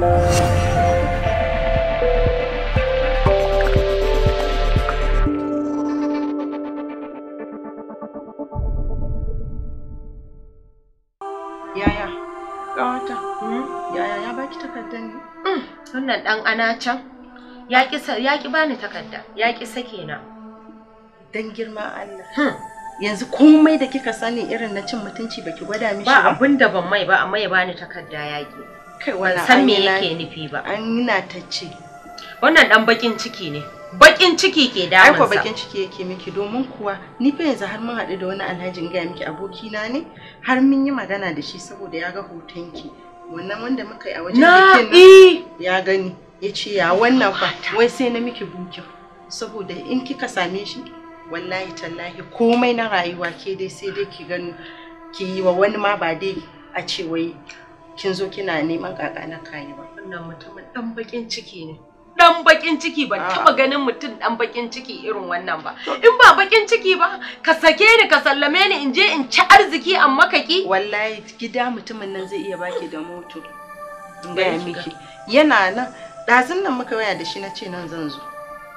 Yaya, ƙawata, hmm? yaya ya baki takardar ne? Mm. Wannan ɗan ana can, ya ƙi bani takarda, ya ƙi sake na. Dan girma Allah. Hmm. Yanzu komai da kika sani irin na cin mutunci baki gwada mishi ba? Ba abin da ban mai ba, amma ya bani takarda ya ƙi. ban san me yake nufi ba an yana ta ce wannan dan bakin ciki ne bakin ciki ke damunsa aiko bakin ciki yake miki domin kuwa ni fa yanzu har mun haɗu da wani alhajin ga miki aboki na ne har mun yi magana da shi saboda ya ga hotonki wannan wanda muka yi a wajen bikin ya gani ya ce ya wannan fa wai sai na miki bukin saboda in kika same shi wallahi tallahi komai na rayuwa ke dai sai dai ki gano ki yi wa wani ma ba dai a ce wai kin zo kina neman kaka na kayi ba wannan mutumin dan bakin ciki ne dan bakin ciki ban ah. taba ganin mutum dan bakin ciki irin wannan ba in ba bakin ciki ba ka sake ni ka sallame ni in je in ci arziki an makaki wallahi gida mutumin nan zai iya baki da moto in ga miki yana nan dazun nan muka waya da shi na ce nan zan zo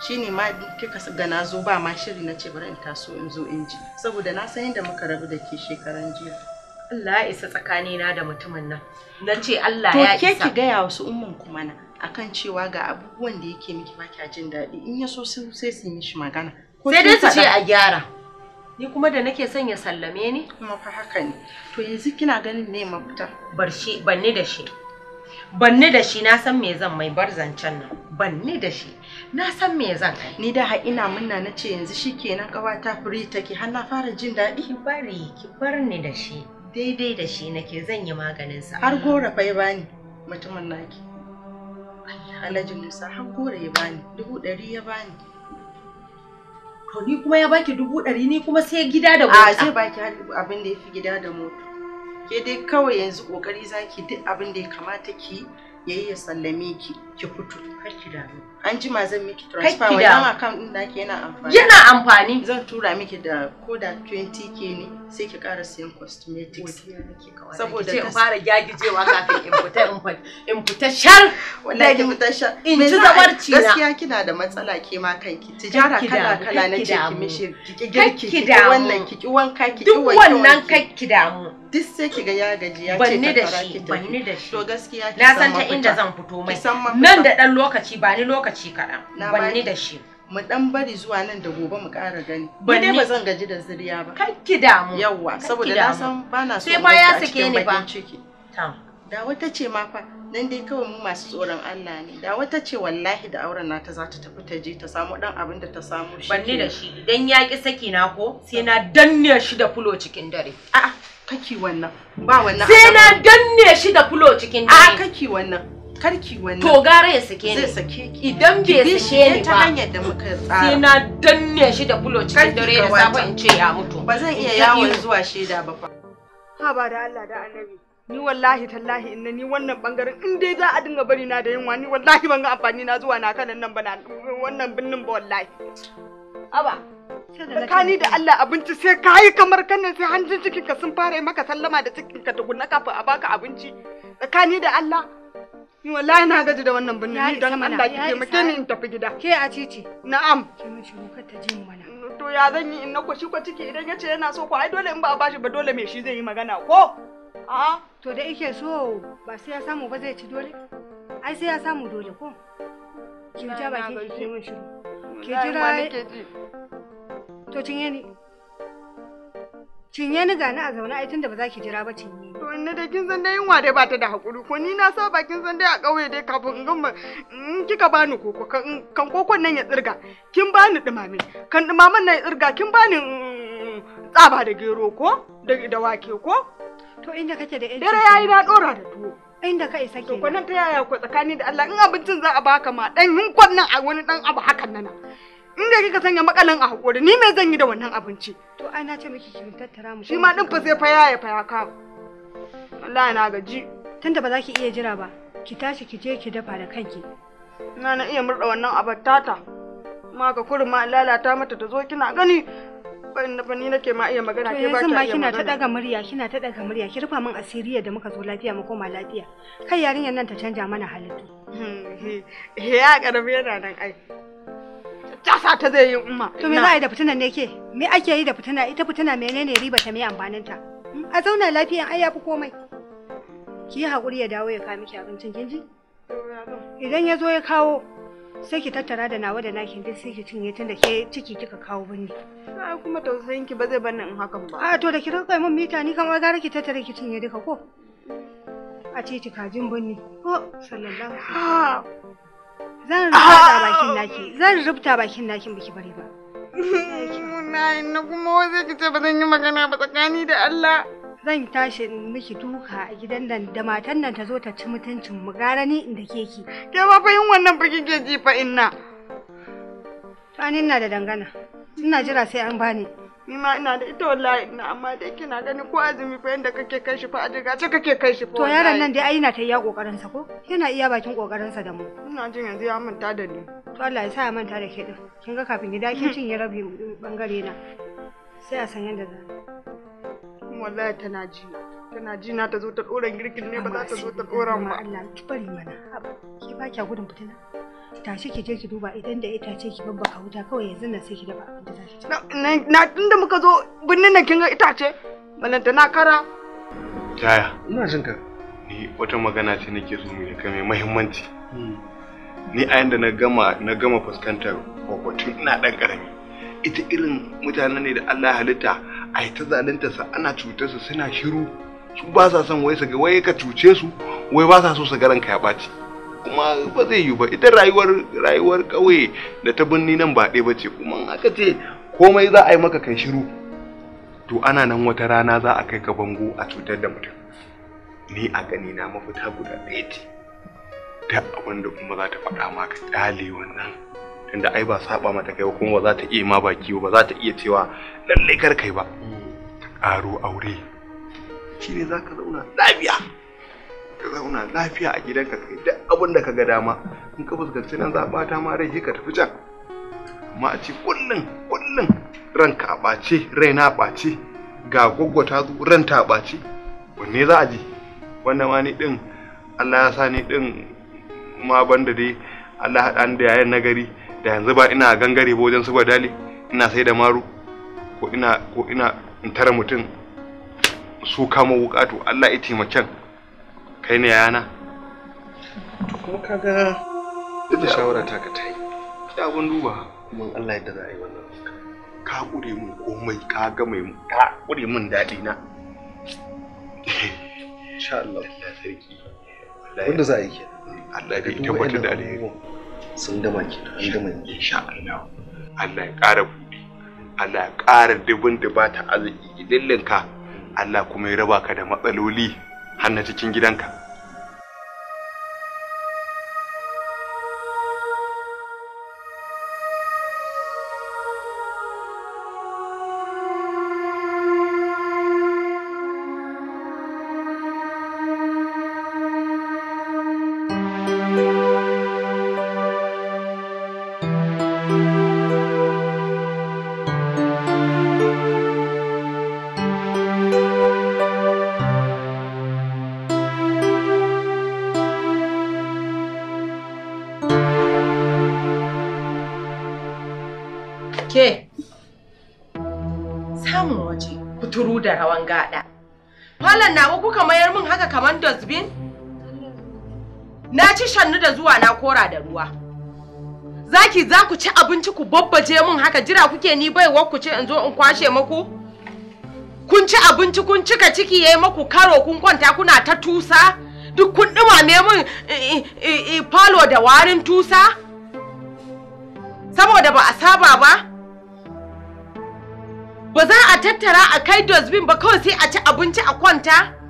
Shi ne ma kika ga na zo ba ma shiri na ce bari in taso in zo in ji saboda na san yadda muka rabu da ke shekaran jiya Allah ya isa tsakanina da mutumin nan na ce Allah ya isa to ke ki gaya wasu umman kuma na akan cewa ga abubuwan da yake miki ba kya jin daɗi in ya so sai su yi shi magana sai dai su ce a gyara ni kuma da nake son ya sallame ni kuma fa haka ne to yanzu kina ganin ne mafita bar shi banne da shi banne da shi na san me zan mai bar zancen nan banne da shi na san me zan kai ni da ina munna na ce yanzu shikenan kawata free take har na fara jin daɗi bari ki bar ni da shi daidai da shi nake zan yi maganin sa. har gora fa ya bani mutumin naki alhaji musa har gora ya bani dubu ɗari ya bani to ni kuma ya baki dubu ɗari ni kuma sai gida da mota a sai baki abin da ya fi gida da mota ke dai kawai yanzu ƙoƙari zaki duk abin da ya kamata ki yayi ya sallame ki ki fito kar ki damu an jima zan miki transfer wannan account din naki yana amfani yana amfani zan tura miki da koda 20k ne sai ki ƙara siyan cosmetics saboda ce in fara gyagijewa kafin in fita in fita in fita shar wallahi ki fita shar in ci zabarci na gaskiya kina da matsala ke ma kanki tijara kala kala na ce ki mishi ki girki ki wannan ki ki wanka ki ki wanki duk wannan kakki damu duk sai ki ga ya gaji ya ce ta fara ki ta ni da shi to gaskiya ki san na san ta inda zan fito mai nan da ɗan lokaci ba ni lokaci kaɗan ban ni da shi mu dan bari zuwa nan da gobe mu ƙara gani ba dai ba zan gaji da zuriya ba kakki damu yawa saboda na san ba na so sai ba ya sake ni ba da wata ce ma fa nan dai kawai mu masu tsoron Allah ne da wata ce wallahi da auren nata za ta tafi ta je ta samu dan abin da ta samu shi banni da shi idan ya ki saki na ko sai na danne shi da fulo cikin dare a'a kaki wannan ba wannan sai na danne shi da fulo cikin dare a'a kaki wannan karki wannan to gara ya sake ni zai sake ki idan bai sake ni ta hanyar da muka tsara sai na danne shi da bulo cikin dare da safe in ce ya mutu ba zan iya yawon zuwa shaida ba fa ha ba da Allah da annabi ni wallahi tallahi inna ni wannan bangaren in dai za a dinga bari na da yunwa ni wallahi ban ga amfani na zuwa na kanan nan ba na wannan binnin ba wallahi aba tsakani da Allah abinci sai ka yi kamar kannan sai hanjin cikin ka sun fara yi maka sallama da cikin ka tukunna kafin a baka abinci tsakani da Allah wallahi na gaji da wannan binne ni don Allah ki taimake ni in tafi gida. Ke a cici. Na'am. Ke mu shi ka ta jin mana. To ya zan yi in na kwashi kwa ciki idan ya ce yana so ko ai dole in ba a bashi ba dole me shi zai yi magana ko? A to da yake so ba sai ya samu ba zai ci dole. Ai sai ya samu dole ko? Ki ja baki ki mun shiru. Ki jira. To cinye ni. Cinye ni gani a zaune ai tunda ba za ki jira ba cinye. To inna da kin san dai yunwa dai ba ta da hakuri ko ni na saba kin san dai a ƙauye dai kafin in gama in kika bani koko kan kokon nan ya tsirga kin bani dumame kan dumamin nan ya tsirga kin bani mm, tsaba da gero ko da wake ko. To inda kake da yanci. Dare yayi na dora da tuwo. Inda ka isa kenan. To kwanan ta yaya ko tsakani da Allah in abincin za a baka ma dan hinkon nan a wani dan abu hakan nan. in da kika sanya makalan a hakuri ni me zan yi da wannan abinci to ai na ce miki ki tattara mu shi ma din fa sai fa yaya fa ya kawo wallahi na gaji tunda ba za ki iya jira ba ki tashi ki je ki dafa da kanki Ina na iya murda wannan abattata ma ga kurin ma lalata mata ta zo kina gani ba ni nake ma iya magana ke ba ta iya magana kina ta daga murya kina ta daga murya ki rufa min asiriya da muka zo lafiya mu koma lafiya kai yarinyar nan ta canja mana halittu he ya karbi yana nan ai jasa ta zai yi umma. To me za a yi da fitinan ne ke? Me ake yi da fitina? Ita fitina menene riba ta me amfanin ta? Hmm? A zauna lafiyan ai yafi komai. Ki yi haƙuri ya dawo ya kawo miki abincin kin ji? Idan ya zo ya kawo sai ki tattara da nawa da naki duk sai ki cinye tun da ke ciki kika kawo bane. Ai kuma tausayin ki ba zai bar ni in hakan ba. A to da ki rinka mun mita ni kamar gara ki tattara ki cinye duka ko? A ce ki kajin binni. Ko oh, sallallahu alaihi wasallam. Zan ah! rubuta bakin naki, zan rubuta bakin naki biki bari ba. Na na kuma wai ki ce ba zan yi magana ba tsakani da Allah. Zan tashi miki duka a gidan nan da matan nan ta zo ta ci mutuncin mu gara ni inda ke ki. Ke ba fa yin wannan kike ji fa inna. Tani ina da dangana. Ina jira sai an bani. ni ma ina da ita wallahi ina amma dai kina gani ko azumi fa yanda kake kai shi fa a jiga ce kake kai shi fa to yaron nan dai ai yana ta iya kokarin sa ko yana iya bakin kokarin sa da mu ina jin yanzu ya manta da ni to Allah ya sa ya manta da ke din kin ga kafin gida kin cin ya rabi bangare na sai a san yanda za wallahi tana ji tana ji na ta zo ta dora girkin ne ba za ta zo ta dora ba Allah ki bari mana ki ba kya gudun fitina tashi ki je ki duba idan da itace ki babbaka wuta kawai yanzu nan sai ki dafa abin da ki ci na tunda muka zo birnin nan kin ga itace balanta na kara taya ina jin ni wata magana ce nake so mu kai mai muhimmanci hmm. ni a yanda na gama na gama fuskantar kwakwatin ina dan karami ita irin mutanen ne da Allah halitta a yi ta zalunta sa ana cutar su suna shiru su ba sa son wai su ga wai ka cuce su wai ba sa so su ga ya baci. kuma ba zai yiwu ba ita rayuwar rayuwar ƙauye da ta birni nan ba ɗaya bace kuma aka ce komai za a yi maka kai shiru to ana nan wata rana za a kai ka bango a cutar da mutum ni a gani na mafita guda ɗaya ce ta abin kuma za ta faɗa maka ƙyale wannan tunda ai ba saba mata kai ba kuma ba za ta iya ma baki ba za ta iya cewa lallai kar kai ba Karo aure shine zaka zauna lafiya ka zauna lafiya a gidan ka, kai duk abin da ka ga dama in ka fuskanci nan zaɓa ta ma rai ka tafi can amma a ce kullum kullum ranka a ɓace raina a ɓace ga gwaggwata zu ranta a ɓace wanne za a ji wannan ma ni din Allah ya sa ni ma banda dai Allah haɗa da yayan nagari da yanzu ba ina gangare ba wajen su dali ina sai da maru ko ina ko ina in tara mutum su kama wuƙatu. Allah ya taimaka. kai ne yana to kuma kaga duk shawara ta ka ta'i, yi da abun duba mun Allah yadda za a yi wannan ka kure mun komai ka ga mai ka kure mun dadi na insha Allah ya sarki wanda za a yi ke Allah ya tabbatar da alheri sun gama kenan an gama insha Allah Allah ya ƙara buɗe Allah ya ƙara dubin dubata arziki dillinka Allah kuma ya raba ka da matsaloli har na cikin gidanka mamaki za ku ci abinci ku babbaje mun haka jira kuke ni baiwa ku ce in zo in kwashe muku? Kun ci abinci kun cika ciki yayi maku karo kun kwanta kuna ta tusa? Duk kun me mun falo da warin tusa? Saboda ba a saba ba? Ba za a tattara a kai dosbin ba kawai sai a ci abinci a kwanta?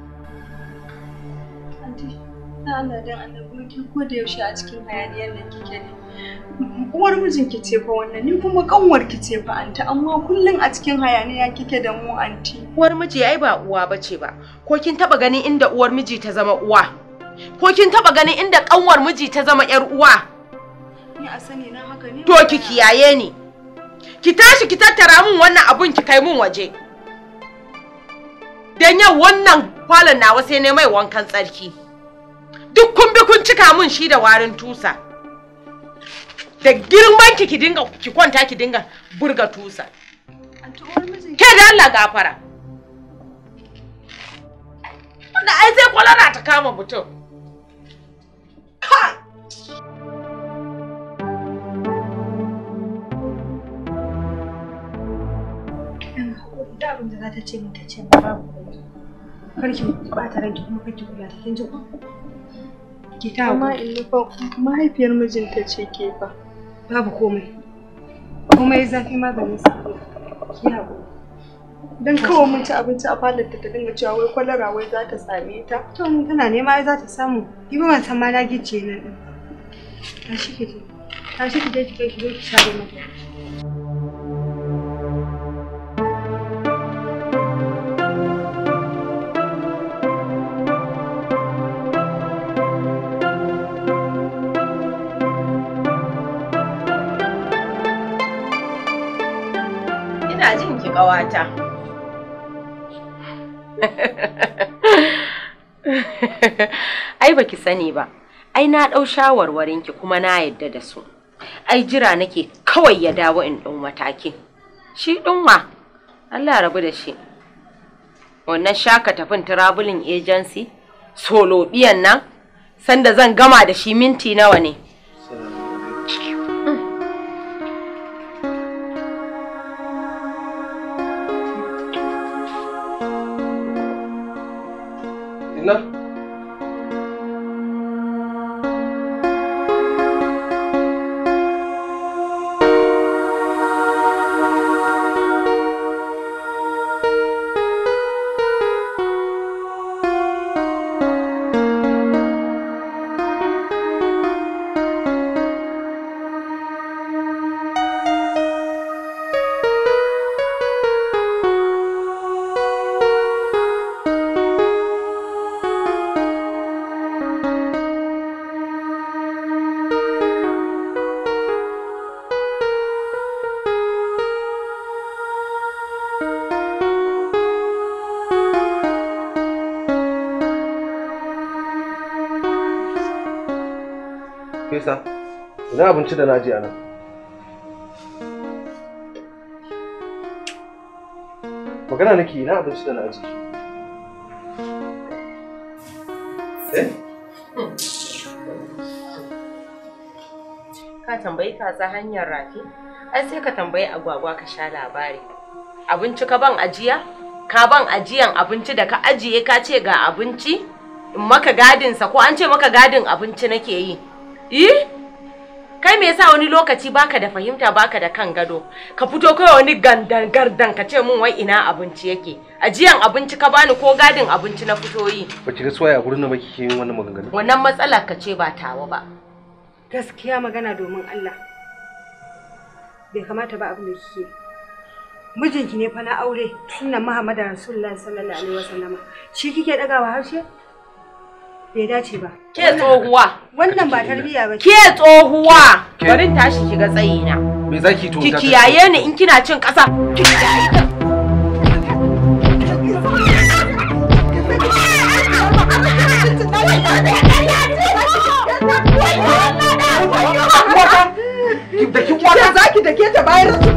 dan Allah dan annabi ki ko da yaushe a cikin hayaniyar nan kike ne uwar ki ce fa wannan ni kuma kanwar ki ce fa anti amma kullun a cikin hayaniya kike da mu anti uwar miji ai ba uwa bace ba ko kin taba ganin inda uwar miji ta zama uwa ko kin taba ganin inda kanwar miji ta zama yar uwa ni a sani na haka ne to ki kiyaye ni ki tashi ki tattara min wannan abun ki kai min waje dan yau wannan kwalon nawa sai ne mai wankan tsarki duk kun bi kun cika mun shi da warin tusa da girman ki dinga ki kwanta ki dinga burga tusa ke da Allah gafara wanda ai sai kwalara ta kama mutum ta ce babu ki ba ta ranki kuma kula kin ji ki ta amma in fa mahaifiyar mijinta ce ke fa babu komai komai zafi maganin sa ki haƙuri dan kawai mun ci abinci a falon ta dinga cewa wai kwalara wai za ta same ta to mun tana nema ai za ta samu ki ba san ma na gice nan din tashi ki je tashi ki je ki kai ki zo ki sare mata ƙawata. Ai baki sani ba, ai na ɗau ki kuma na yadda da su. Ai jira nake kawai ya dawo in ɗau matakin. Shi ɗinwa, Allah rabu da shi. Wannan shaka tafin traveling agency, solo biyan nan, sanda zan gama da shi minti nawa ne. ना abinci da na ajiye Magana nake na abinci da na ajiye. Eh? Ka tambayi kaza hanyar rafi? Ai sai ka tambayi agwagwa ka sha labari. Abinci ka ban ajiya? Ka ban ajiyan abinci da ka ajiye ka ce ga abinci? In maka gadinsa ko an ce maka gadin abinci nake yi? Eh? kai me yasa wani lokaci baka da fahimta baka da kan gado ka fito kai wani gandan gardan ka ce mun wai ina abinci yake ajiyan abinci ka bani ko gadin abinci na fito yi ba ki soyayya a gurin da baki yin wannan maganganu wannan matsala ka ce ba tawa ba gaskiya magana domin Allah bai kamata ba abin da kike mijinki ne fa na aure sunan Muhammadu Rasulullahi sallallahu alaihi wasallama shi kike dagawa harshe bai dace ba. Ke tsohuwa. Wannan ba ba. Ke tsohuwa. Bari tashi ki tsayi na. Me zaki to? Ki kiyaye ni in kina cin ƙasa. Ki kiyaye Da kin wata zaki da ta bayar su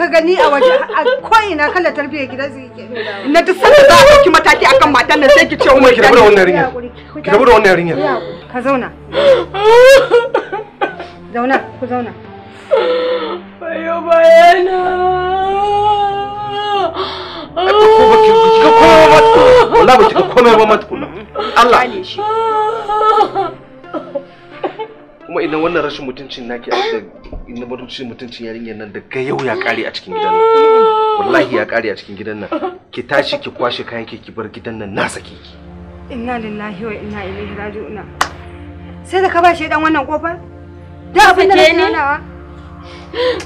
ka gani a waje a ko'ina kala tarbiyyar gida zai ke na duk sanda za a ɗauki mataki akan matan nan sai ki ce oh, umar ki rabu da wannan yarinyar ki rabu da wannan yarinyar ka zauna zauna ku zauna bayo bayana Wala ba cika komai ba matukuna. Allah. kuma idan wannan rashin mutuncin naki da idan mutuncin mutuncin yarinyar nan ga yau ya kare a cikin gidan nan wallahi ya kare a cikin gidan nan ki tashi ki kwashe kayan ki ki bar gidan nan na sake ki inna lillahi wa inna ilaihi raji'un sai da ka bashi dan wannan kofar da abin da nake nanawa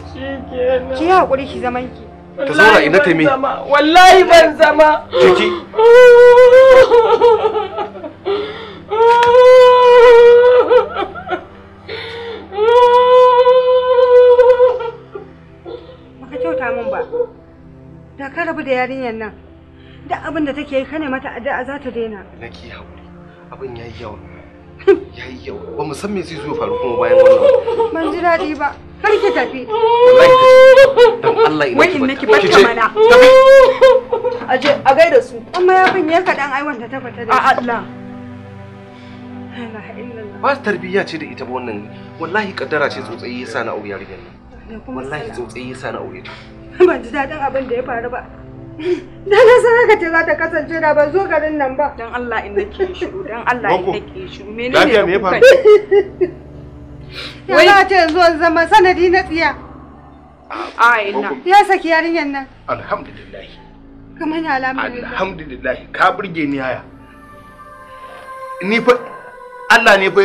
shikenan ki hakuri ki zaman ki ta zauna ina ta me wallahi ban zama kiki da yarinyar nan duk abin da take yi kane mata addu'a za ta daina laki haƙuri abin yayi yawa yayi yawa ba mu san me zai zo faru kuma bayan wannan ban ji daɗi ba kar ki tafi dan Allah ina ki ba barka mana aje a gaida su amma yafin ya kaɗan ai wanda ta fata da Allah ba tarbiyya ce da ita ba wannan wallahi kaddara ce tsotsayi yasa na aure yarinyar nan wallahi tsotsayi yasa na aure ta ban ji daɗin abin da ya faru ba Da na san haka ce za ta kasance da ban zo garin nan ba. Don Allah in nake shiru, don Allah in nake shiru. Menene ne ne fa. Ya za ce an zama sanadi na tsiya. A ina. Ya saki yarinyar nan. Alhamdulillah. Kamar ni ne. Alhamdulillah ka burge ni haya. Ni fa Allah ne fa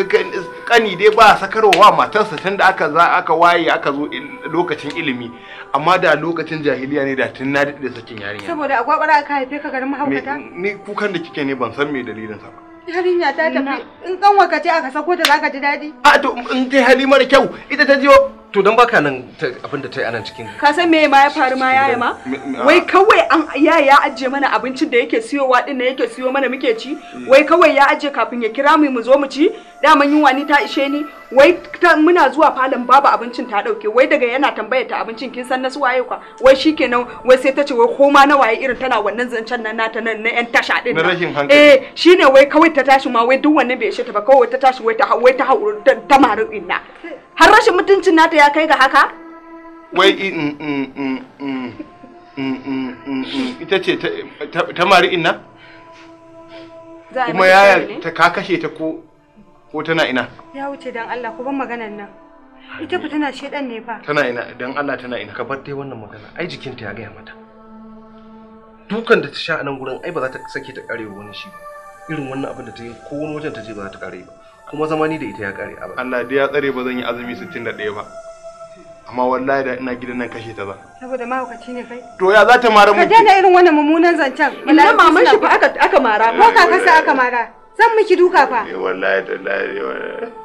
kani dai ba sakarwa matarsa tun da aka za aka waye aka zo lokacin ilimi amma da lokacin jahiliya ne da tun na da sakin yarinya saboda agwagwara aka haife ka garin mahaukata ni kukan da kike ne ban san me dalilin sa ba Halima ta tafi in kanwa wakati aka sako ta zaka ji daɗi. A to in kai hali da kyau ita ta jiyo to dan baka nan abin da ta yi anan cikin. Ka san me ma ya faru ma ma? Wai kawai an ya ya ajiye mana abincin da yake siyowa din da yake siyo mana muke ci. Mm. Wai kawai ya ajiye kafin ya kira mu mu zo mu ci. Daman yunwa ni ta ishe ni. Wai muna zuwa falon babu abincin ta dauke. Wai daga yana tambayar ta abincin kin san na su waye kwa. Wai shikenan wai sai ta ce wai koma na waye irin tana wannan zancen nan nata nan na yan tasha din. Na rashin hankali. Eh shine wai kawai ta tashi ma wai duk wani bai shi ta ba kawai ta tashi wai ta wai ta hauru ta maru inna har rashin mutuncin nata ya kai ga haka wai in in in ita ce ta mari inna kuma yaya ta ka kashe ta ko ko tana ina ya wuce dan Allah ku ban maganar nan ita fa tana shedan ne fa tana ina dan Allah tana ina ka bar dai wannan magana ai jikinta ya gaya mata dukan da ta sha a nan gurin ai ba za ta sake ta karewa wani shi ba irin wannan abin da ta yi ko wani wajen ta je ba ta kare ba kuma zamani da ita ya kare abin Allah dai ya tsare ba zan yi azumi 61 ba amma wallahi da ina gidan nan kashe ta ba saboda mahaukaci ne kai to ya za ta mara mu ka daina irin wannan mummunan zancen wallahi maman shi fa aka aka mara ko kakarsa aka mara zan miki duka fa eh, wallahi eh, wallahi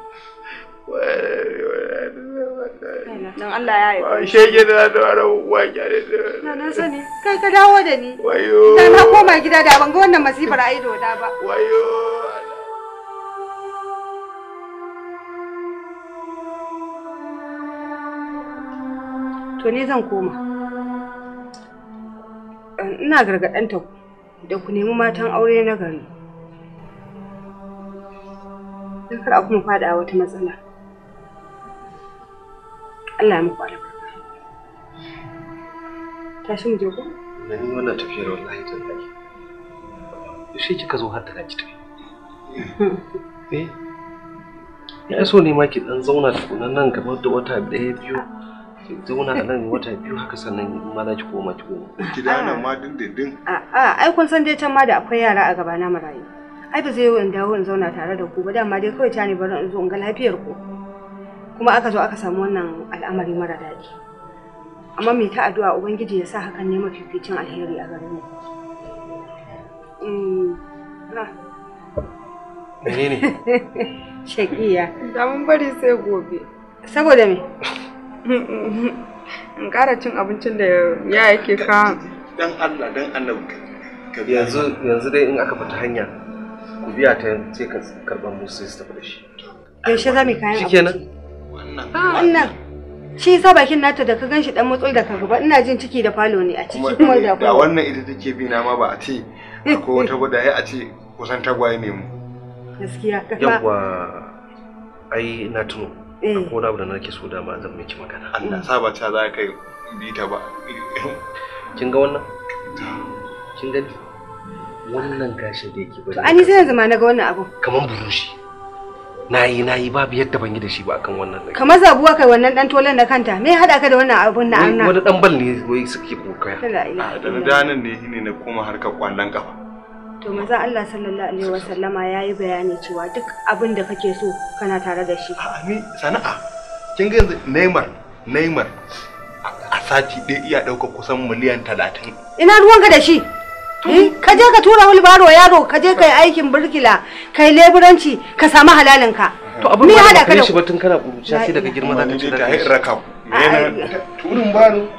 don Allah ya yi shege da da waran waki da na sani kai ka dawo da ni wayo da na koma gida da ban ga wannan masifar a ido da ba wayo to ne zan koma ina gargaɗanta ku da ku nemi matan aure na gari don kar a kuma faɗa wata matsala Allah ya muku albarka tashi mu je ko na yi wannan tafiyar wallahi ta tsaki yaushe kika zo har da gaji ta. Hmm. eh ya so ne ma ki dan zauna tukunan nan gaba da wata ɗaya biyu ki zauna a nan wata biyu haka sannan ma za ki koma ki koma ki nan ma dindindin a a ai kun san dai can ma da akwai yara a gaba na marayu ai ba zai yi in dawo in zauna tare da ku ba dama dai kawai ta ne bari in zo in ga lafiyar ku kuma aka zo aka samu wannan al'amari mara daɗi amma mai ta addu'a ubangiji ya sa hakan ne mafificin alheri a gare mu mm, menene shakiya da mun bari sai gobe saboda me in ƙara cin abincin da ya yake ka dan Allah dan annabi yanzu yanzu dai in aka fita hanya ku biya ta ce ka karban musu su tafi da shi yaushe za mu kayan abinci Ah. wannan shi sa bakin nata da ka ganshi dan matsoi da ka gaba ina jin ciki da falo ne a ciki kuma da kuma wannan ita take bi na ma ba a ce ko wata guda ya a ce kusan tagwaye ne mu gaskiya ka yawa ai na tuno eh. ko da abu da nake so da ma zan miki magana Allah saba ta za ka bi ta ba kin ga wannan kin gani wannan gashi da yake bari to ani sai yanzu ma na ga wannan abu kaman burushi na yi na yi babu yadda ban yi da shi ba akan wannan ɗin kamar zabuwa kai wannan dan tolan da kanta me ya haɗa ka da wannan abun na arna wani dan bal ne wai suke kokaya da na danan ne shine na koma harkar kwallon kafa to maza Allah sallallahu alaihi wa yayi bayani cewa duk abin da kake so kana tare da shi a ni sana'a kin ga yanzu Neymar Neymar a sati dai iya daukar kusan miliyan talatin ina ruwanka da shi Eh, ka je ka tura wulbaro yaro ka je kai aikin burkila kai leburanci ka samu halalin ka to abin ba da kare shi tun kana kuruciya sai daga girma za ka ci da kai raka turun baro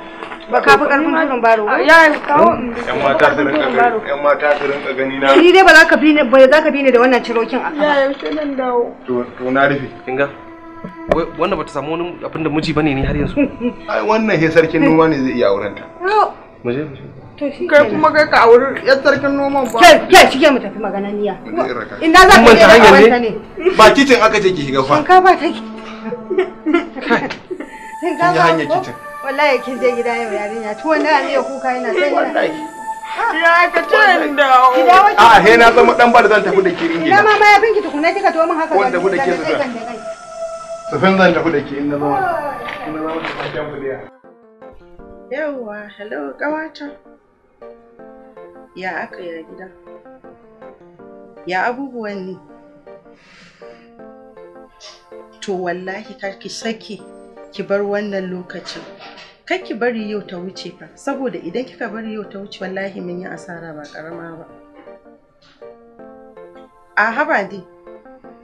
ba ka fi karfin turun baro ya kawo yan mata su rinka gani yan mata su rinka gani na ni dai ba za ka bi ne ba za ka bi ne da wannan cirokin a ya yaushe nan dawo to to na rufe ga wannan bata samu wani abin da miji bane ne har yanzu ai wannan he sarkin noma ne zai iya aurenta mu muje kai kuma kai ka auri yan sarkin noma ba kai kai shige mu tafi magana niya ina za ka je da kawanta ne ba kicin aka ce ki shiga fa ba ta ki shinkafa hanya kicin wallahi kin je gida yau yarinya tuwon da ne kuka yana sai wallahi ah. ya ka tun da a he na zama dan bar zan tafi da kirin gida ma ma yafin ki tukuna kika to min haka wanda ku da ke zuwa sufin zan tafi da ki in na zama in na zama da kyan kudiya yawwa hello kawata ya aka ya gida ya abubuwan ne to wallahi ki saki ki bar wannan lokacin kar ki bari yau ta wuce fa saboda idan kika bari yau ta wuce wallahi mun yi asara ba karama ba a haba dai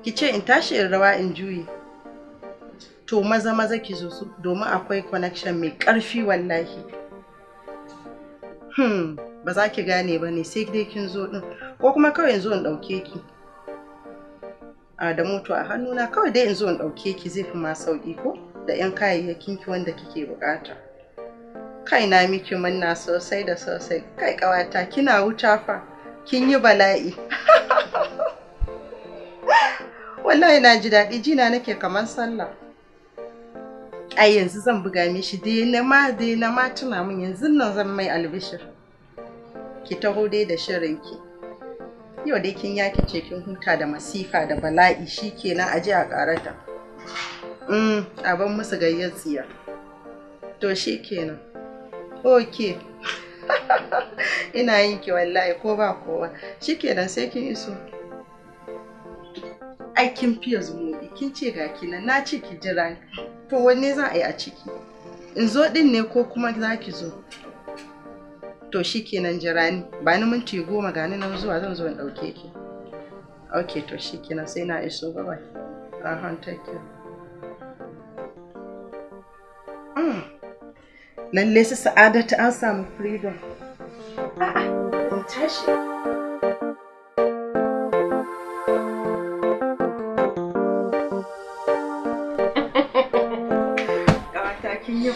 ki ce in tashi in rawa in juye to maza maza ki zo domin akwai connection mai ƙarfi wallahi hmm. ba za ki gane ba ne sai dai kin zo din ko kuma kawai zo in ɗauke ki a da moto a hannuna kawai dai in zo in ɗauke ki zai fi ma sauƙi ko da 'yan kayayyakin ki wanda kike bukata kai na miki manna sosai da sosai kai ƙawata kina wuta fa kin yi bala'i wallahi na ji daɗi jina nake kamar sallah ai yanzu zan buga mishi dai na ma dai na ma tuna min yanzu nan zan mai albishir ki taho dai da shirin ki. yau dai kin ya ce kin huta da masifa da bala'i shikenan aje a karata mm abin musu gayyar tsiya to shikenan okay ina yin ki wallahi ko ba kowa shikenan sai kin iso ai kin fiye zumuɗi kin ce ga kina na ce ki jira to wanne za a yi a ciki in zo din ne ko kuma za ki zo to shi kenan jira ni ba ni minti goma ga ni nan zuwa zan zo in ɗauke ki ok to shi kenan sai na iso baba ahon take hmm. lalle su sa'adatu an samu freedom a'a in tashi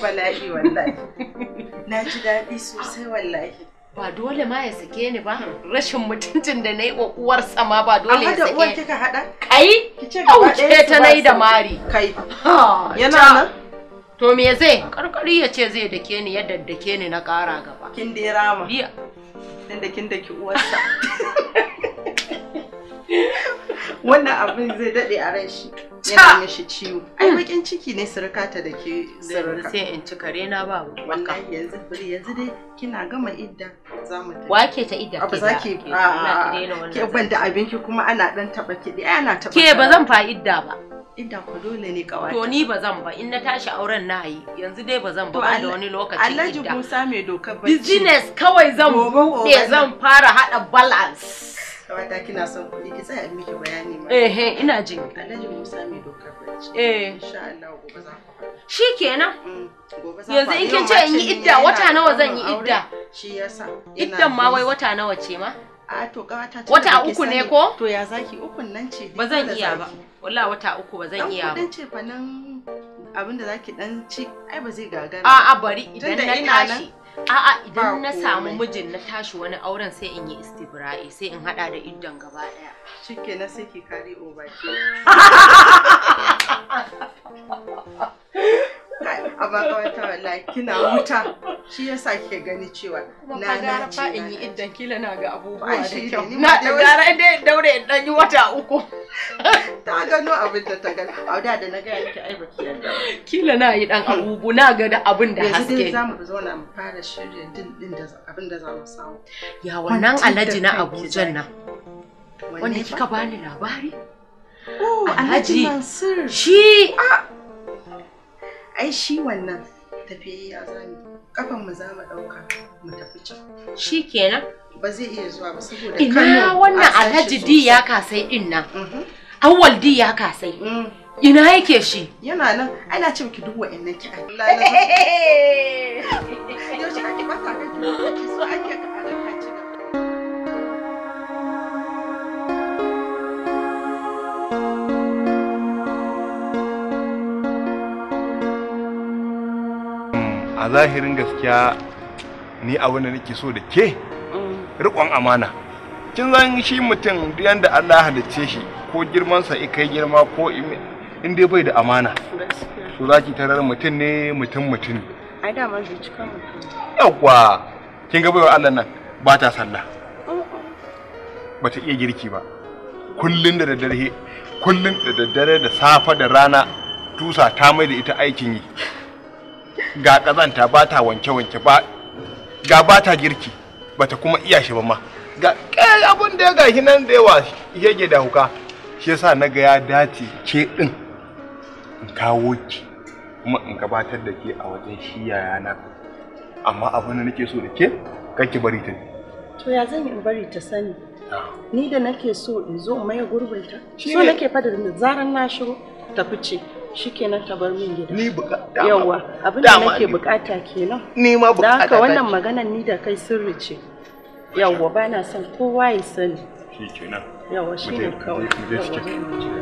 bala'i wallahi Na ji daɗi sosai wallahi. Ba dole ma ya sake ni ba, rashin mutuncin da na yi wa uwarsa ma ba dole ya sake. Amma da uwar kika haɗa? Kai? Auce ta na yi da mari. Kai. Yana nan? To me zai? Karkari ya ce zai dake ni yadda daddake ni na ƙara gaba. Kin dai rama. Biya. Dan da kin daki uwarsa. Wannan abin zai daɗe a ran shi. yana mishi ciwo ai bakin ciki ne ta da ke suruka sai in ci kare na ba waka. yanzu bari yanzu dai kina gama idda za mu tafi wake ta idda ke ba za ki ke ban da abinki kuma ana dan taba kiɗi ana taba ke ba zan fa idda ba Idda ku dole ne kawai. To ni ba zan ba in na tashi auren na yi yanzu dai ba zan ba ba da wani lokaci. Alhaji Musa mai dokar bacci. Business kawai zan buɗe zan fara hada balance. kawata kina son kuɗi ki tsaya miki bayani ma ina jin. Alhaji dokar eh insha Allah gobe za ku shikenan mm, yanzu in kin ce in yi idda wata nawa zan yi idda shi yasa iddan ma wai wata nawa ce ma a to kawata wata uku ne ko to ya zaki ukun nan ce ba zan iya ba Wala wata uku ba zan iya ba dan ce fa nan abinda zaki dan ci ai ba zai gagara a'a bari idan na tashi A'a idan na samu mijin na tashi wani auren sai in yi istibra'i sai in hada da iddan gaba daya. Shike na sai ki kare obaki. amma kawai kawai like kina wuta shi yasa kike gani cewa na na ci in yi iddan kila na ga abubuwa da kyau na da gara dai daure in dan yi wata uku ta gano abin da ta gani a da da na ga yake ai baki yadda kila na yi dan abubu na ga da abin da haske yanzu dai zamu zauna mu fara shirin din din da abin da zamu samu ya wannan Alhaji na Abuja nan wanda kika bani labari oh, Alhaji shi ah! ai shi wannan tafiyayya za mu kafan mu za mu ɗauka mu tafi can shi kenan ba zai iya zuwa ba saboda kano ina wannan alhaji di mhm. ya kasai din nan awwal di ya kasai ina yake shi yana nan na ce miki duk wa'annan kiɗa yaushe ake ba sa kan ki so ake a zahirin gaskiya ni abin da nake so da ke riƙon amana kin zan shi mutum da Allah halicce shi ko girmansa i kai girma ko in dai bai da amana so za ki tarar mutum ne mutum mutum ai dama zuciya mutum yawwa kin ga baiwa Allah nan ba ta sallah ba ta iya girki ba kullun da daddare kullun da daddare da safa da rana tusa ta mai da ita aikin yi ga kazanta ba ta wanke-wanke ba ga ba ta girki ba ta kuma iya shi ba ma ga kai abun da ya gashi nan da yawa yake da huka shi yasa na ga ya dace ke din in kawo ki kuma in gabatar da ke a wajen shi na amma abin da nake so da ke ki bari ta to ya zan yi in bari ta sani ah. ni da nake so in zo in gurbinta so nake fadar da zaran na shiro ta fice shikenan ka bar min gida ni bukata yawa abin da nake bukata kenan ni ma bukata haka wannan maganan ni da kai sirri ce Yawwa ba na son kowa ya sani shikenan yawa shine kawai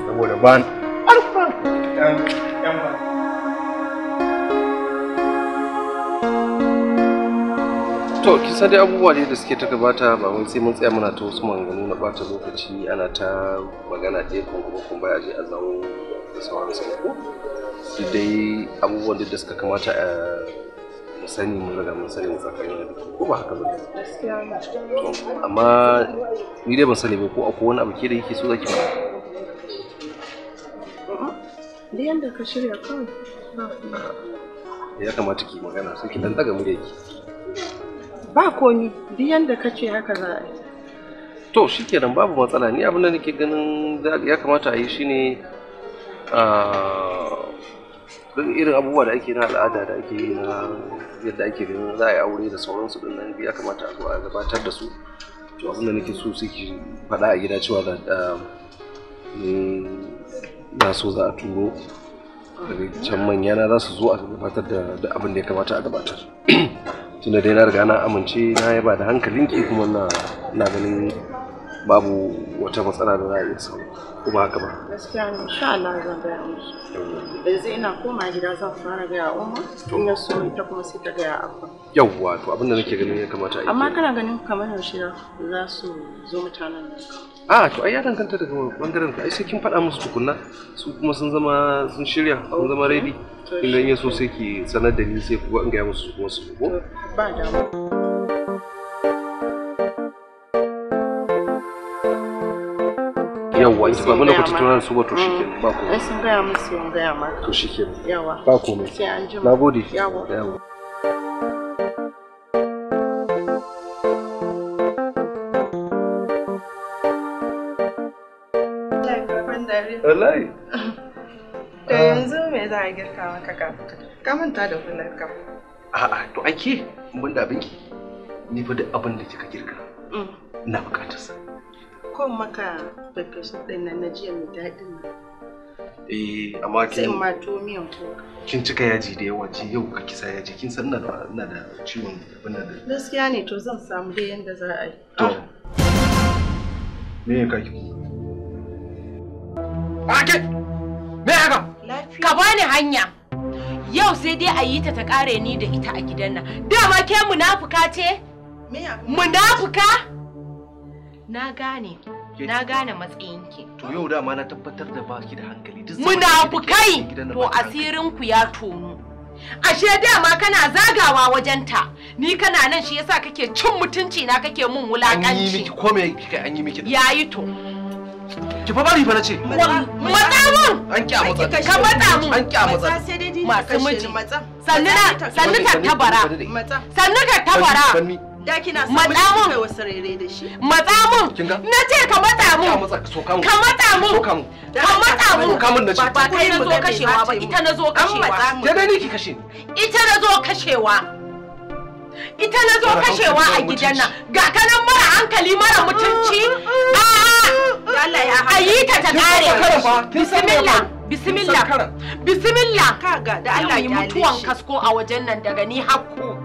saboda ban alfa yan yan ba to kisa dai abubuwa ne da suke ta gabata ba wai sai mun tsaya muna ta wasu maganganu na bata lokaci ana ta magana ɗaya kuma kuma baya je a zawo da sauransu ko duk dai abubuwan da suka kamata a eh, mu sani mun riga mun sani tsakanin da ko ba haka ba amma ni dai ban sani ba ko akwai wani abu ke da yake so zaki ba da yanda ka shirya kawai ya kamata ki magana sai ki dan daga murya ki ba komi duk yanda ka ce haka za a yi to shikenan babu matsala ni abin da nake ganin ya kamata a yi shine Ah, duk irin abubuwa da ake na al'ada da ake yi na yadda ake ganin za a yi aure da sauransu din nan ya kamata a gabatar da su to abinda nake so suke faɗa a gida cewa da ah, mm, na so za a turo can manya na za su zo a gabatar da abin da ya kamata a gabatar tunda dai na riga na amince na yaba da hankalinki kuma na ganin babu wata matsala da za a iya samu kuma haka ba gaskiya ne insha Allah zan gaya musu yanzu ina koma gida zan fara gaya umma in ya so ita kuma sai ta gaya abba yawa to abin da nake ganin ya kamata a yi amma kana ganin kamar yaushe za su zo mutanen nan a to ai ya danganta daga bangaren ka ai sai kin faɗa musu tukunna su kuma sun zama sun shirya sun zama ready idan ya so sai ki sanar da ni sai kuma in gaya musu kuma su ko ba damuwa ya ita ba mana ku tattauna su ba to ba komai eh, sun gaya mu sun gaya ma to ba komai Wallahi. To eh, yanzu me za a girka maka kafin ka manta da A'a to ake mun abinki. Ni fa duk abin da kika girka. Mm. Na sa. ɗauko maka pepes ɗin nan na jiya mai daɗin nan. Eh, amma ke Sai ma tuwo miyan kuka. Kin cika yaji da yawa ce yau ka kisa yaji kin san na da ina da ciwon abin da. Gaskiya ne to zan samu dai yanda za a yi. To. Me ya kaki? Ake! Me haka? Lafiya. Ka bani hanya. Yau sai dai a yi ta ta kare ni da ita a gidan nan. Dama ke munafuka ce? Me ya? Munafuka? na gane na gane matsayinki to yau dama na tabbatar da ba ki da hankali duk muna bukai to asirin ku ya tono ashe dama kana zagawa wajenta ni kana nan shi yasa kake cin mutunci na kake mun wulakanci an yi miki ko me kika an yi miki yayi to ki fa bari fa na ce Mata mun an ki a matsa ka mata mun an ki a matsa masu miji sannu ka tabara sannu ka tabara Da kina mun wasu rere da shi. mun. Na ce ka matsa mun. Ka matsa mun. Ka matsa mun. Ka mun Ba kai na zo kashewa ba ita na zo kashewa. Da ni Ita na kashewa. Ita na kashewa a gidan Ga kanan mara hankali mara mutunci. A'a. Ayi ta ta kare. Bismillah. Bismillah. Bismillah. Kaga da Allah mutuwan kasko a wajen nan daga ni hakku.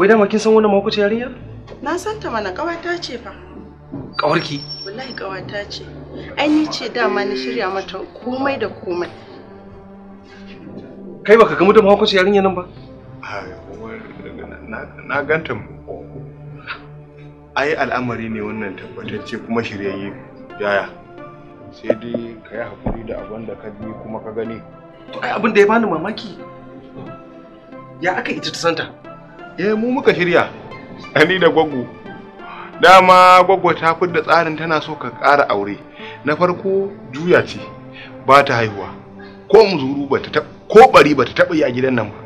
Wai dama kin san wannan makwacin yarinya? Na san ta mana kawata ce fa. Kawarki? Wallahi kawata ce. an yi ce dama na shirya mata komai da komai. Kai baka gamu da makwacin yarinya nan ba? Na ganta ai al'amari ne wannan tabbatacce kuma shiryayye yaya sai dai ka yi hakuri da abin da ka ji kuma ka gani to ai abin da ya bani mamaki ya aka ita ta santa eh mu muka shirya ni da gwaggo dama gwaggo ta da tsarin tana so ka ƙara aure na farko juya ce ba ta haihuwa ko muzuru ba ta ko bari ba ta taɓa yi a gidan nan ba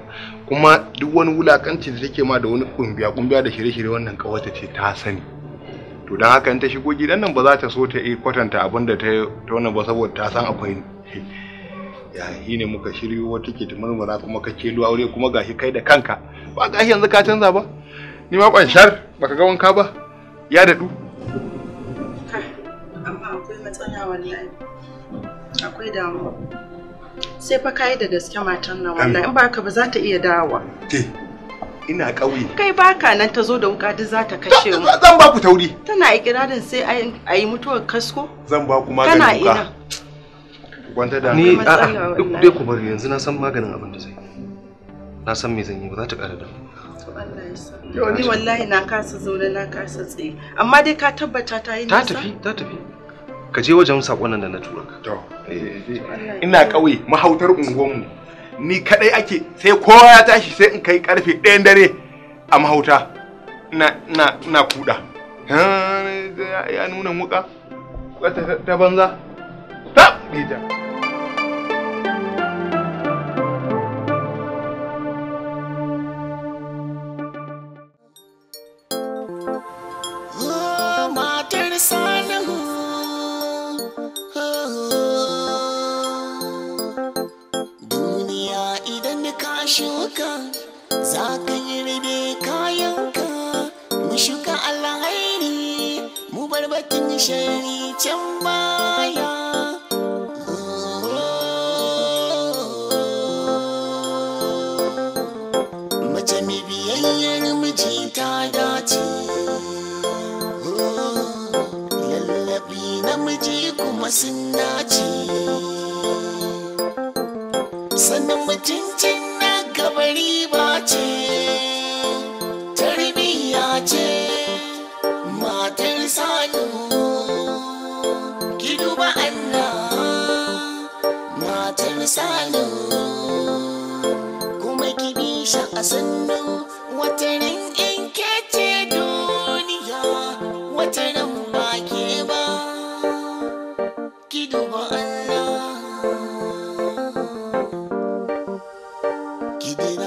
kuma duk wani wulakanci da take ma da wani kumbiya kumbiya da shirye-shirye wannan kawata ce ta sani to don haka in ta shigo gidan nan ba za ta so ta kwatanta abin da ta wannan ba saboda ta san akwai yayi ne muka shiryo wata ke ta murmura kuma ka ke aure kuma gashi kai da kanka ba gashi yanzu ka canza ba ni ma kwanshar baka ga wanka ba ya dadu amma akwai matsala wallahi akwai damuwa sai fa kai da gaske matan nan wallahi in ba ba za ta iya dawowa ke ina ƙauye kai baka nan ta zo da wuka duk za ta kashe mu zan ba ku tauri tana ikirarin sai a yi mutuwar kasko zan ba ku maganin wuka kana ina Gwanda da ni a'a duk dai ku bari yanzu na san maganin abin da zai. Na san me zan yi ba za ta ƙara da To ni wallahi na kasa zaune na kasa tsaye. Amma dai ka tabbata ta yi nisa. Ta tafi ta tafi. Ka je wajen sakon nan da na tura ka. To. Eh, eh, eh. Ina ƙauye mahautar unguwanmu. Ni kadai ake sai kowa ya tashi sai in kai karfe ɗayan dare a mahauta. Na na na kuda. Ya nuna muka. Ta banza. Ta bita. ɗinka za ka yi kayanka mu shuka alhairi mu barbatin shari can baya